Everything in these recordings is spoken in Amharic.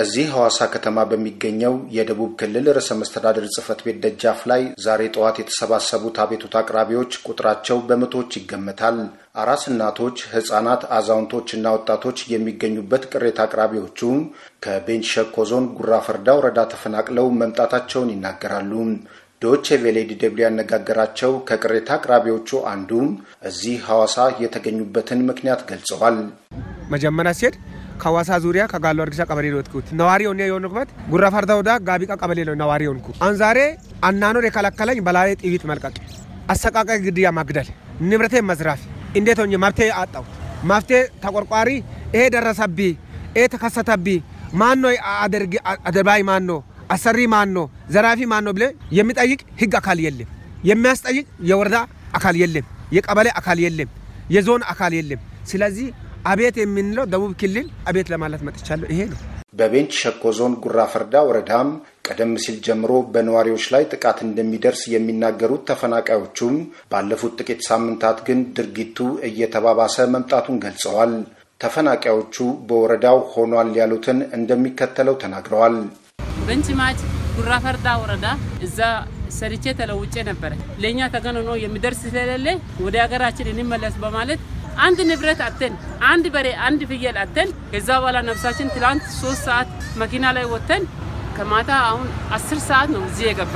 እዚህ ሐዋሳ ከተማ በሚገኘው የደቡብ ክልል ርዕሰ መስተዳድር ጽህፈት ቤት ደጃፍ ላይ ዛሬ ጠዋት የተሰባሰቡት አቤቱታ አቅራቢዎች ቁጥራቸው በመቶዎች ይገመታል። አራስ እናቶች፣ ህጻናት፣ አዛውንቶችና ወጣቶች የሚገኙበት ቅሬታ አቅራቢዎቹ ከቤንች ሸኮ ዞን ጉራ ፈርዳ ወረዳ ተፈናቅለው መምጣታቸውን ይናገራሉ። ዶቼ ቬሌ ዲደብሊ ያነጋገራቸው ከቅሬታ አቅራቢዎቹ አንዱ እዚህ ሐዋሳ የተገኙበትን ምክንያት ገልጸዋል። መጀመሪያ ሲሄድ ከዋሳ ዙሪያ ከጋሎ አርግሻ ቀበሌ ነው የወጥኩት። ነዋሪ የሆኑ የሆንኩበት ጉራ ፈርዳ ወዳ ጋቢቃ ቀበሌ ነው ነዋሪ ሆንኩ። አንዛሬ ዛሬ አናኖር የከለከለኝ በላሌ ጥይት መልቀቅ፣ አሰቃቃይ ግድያ፣ ማግደል፣ ንብረቴ መዝራፍ እንዴት ሆኜ መብቴ አጣው? መፍትሄ ተቆርቋሪ ይሄ ደረሰብ ይሄ ተከሰተብ ማን ነው አደርጊ አደባይ ማን ነው አሰሪ ማን ነው ዘራፊ ማን ነው ብለ የሚጠይቅ ህግ አካል የለም። የሚያስጠይቅ የወረዳ አካል የለም። የቀበሌ አካል የለም። የዞን አካል የለም። ስለዚህ አቤት የምንለው ደቡብ ክልል አቤት ለማለት መጥቻለሁ። ይሄ ነው። በቤንች ሸኮ ዞን ጉራ ፈርዳ ወረዳም ቀደም ሲል ጀምሮ በነዋሪዎች ላይ ጥቃት እንደሚደርስ የሚናገሩት ተፈናቃዮቹም ባለፉት ጥቂት ሳምንታት ግን ድርጊቱ እየተባባሰ መምጣቱን ገልጸዋል። ተፈናቃዮቹ በወረዳው ሆኗል ያሉትን እንደሚከተለው ተናግረዋል። ቤንች ማች ጉራ ፈርዳ ወረዳ እዛ ሰርቼ ተለውጬ ነበረ። ለእኛ ተገንኖ የሚደርስ ስለሌለ ወደ ሀገራችን እንመለስ በማለት አንድ ንብረት አተን አንድ በሬ አንድ ፍየል አተን ከዛ በኋላ ነፍሳችን ትላንት ሶስት ሰዓት መኪና ላይ ወተን ከማታ አሁን አስር ሰዓት ነው እዚህ የገባ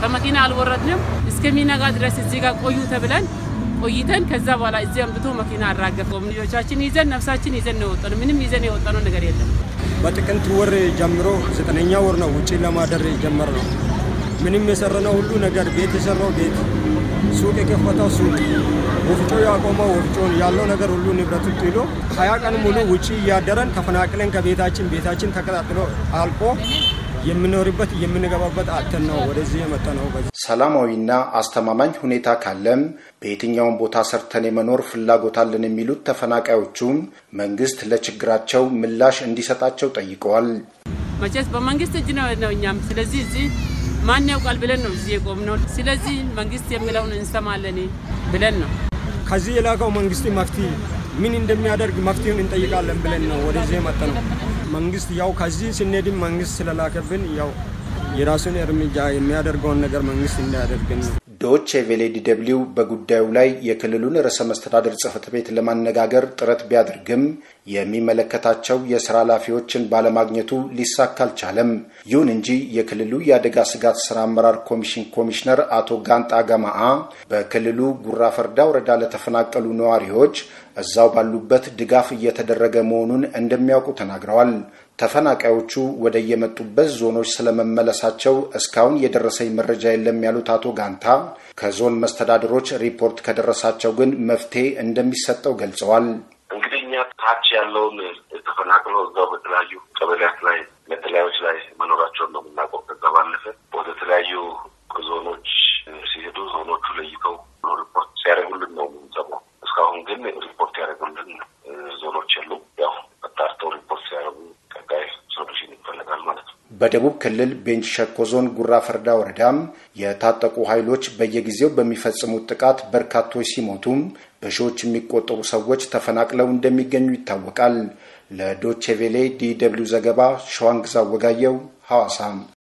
ከመኪና አልወረድንም እስከሚነጋ ድረስ እዚህ ጋር ቆዩ ተብለን ቆይተን ከዛ በኋላ እዚህ አምጥቶ መኪና አራገፈው። ልጆቻችን ይዘን ነፍሳችን ይዘን ነው የወጣነው። ምንም ይዘን የወጣነው ነገር የለም። በጥቅምት ወር ጀምሮ ዘጠነኛ ወር ነው ውጪ ለማደር የጀመርነው። ምንም የሰረነው ሁሉ ነገር ቤት የሰራው ቤት ሱቅ የከፈተው ሱቅ ወፍጮ ያቆመው ወፍጮን ያለው ነገር ሁሉ ንብረቱ ጥሎ ሀያ ቀን ሙሉ ውጪ እያደረን ተፈናቅለን ከቤታችን ቤታችን ተቀጣጥሎ አልቆ የምኖርበት የምንገባበት አተን ነው ወደዚህ የመጣ ነው። ሰላማዊና አስተማማኝ ሁኔታ ካለም በየትኛውም ቦታ ሰርተን የመኖር ፍላጎት አለን የሚሉት ተፈናቃዮቹም መንግስት ለችግራቸው ምላሽ እንዲሰጣቸው ጠይቀዋል። መቼስ በመንግስት እጅ ነው ነው እኛም ስለዚህ እዚህ ማን ያውቃል ብለን ነው እዚህ የቆምነው። ስለዚህ መንግስት የሚለውን እንሰማለን ብለን ነው ከዚህ የላከው መንግስት መፍትሄ ምን እንደሚያደርግ መፍትሄውን እንጠይቃለን ብለን ነው ወደዚህ የመጣ ነው። መንግስት ያው ከዚህ ስንሄድም መንግስት ስለላከብን ያው የራሱን እርምጃ የሚያደርገውን ነገር መንግስት እንዳያደርግን ዶች ቬሌ ዲደብሊው በጉዳዩ ላይ የክልሉን ርዕሰ መስተዳድር ጽህፈት ቤት ለማነጋገር ጥረት ቢያደርግም የሚመለከታቸው የስራ ኃላፊዎችን ባለማግኘቱ ሊሳካ አልቻለም። ይሁን እንጂ የክልሉ የአደጋ ስጋት ስራ አመራር ኮሚሽን ኮሚሽነር አቶ ጋንጣ ገማአ በክልሉ ጉራ ፈርዳ ወረዳ ለተፈናቀሉ ነዋሪዎች እዛው ባሉበት ድጋፍ እየተደረገ መሆኑን እንደሚያውቁ ተናግረዋል። ተፈናቃዮቹ ወደ የመጡበት ዞኖች ስለመመለሳቸው እስካሁን የደረሰኝ መረጃ የለም ያሉት አቶ ጋንታ ከዞን መስተዳድሮች ሪፖርት ከደረሳቸው ግን መፍትሄ እንደሚሰጠው ገልጸዋል። እንግዲህ እኛ ታች ያለውን ተፈናቅሎ እዛው በተለያዩ ቀበሌያት ላይ መጠለያዎች ላይ መኖራቸውን ነው የምናውቀው። ከዛ ባለፈ ወደ ተለያዩ በደቡብ ክልል ቤንች ሸኮ ዞን ጉራ ፈርዳ ወረዳም የታጠቁ ኃይሎች በየጊዜው በሚፈጽሙት ጥቃት በርካቶች ሲሞቱ በሺዎች የሚቆጠሩ ሰዎች ተፈናቅለው እንደሚገኙ ይታወቃል። ለዶቼቬሌ ዲ ደብልዩ ዘገባ ሸዋንግዛ ወጋየው ሐዋሳም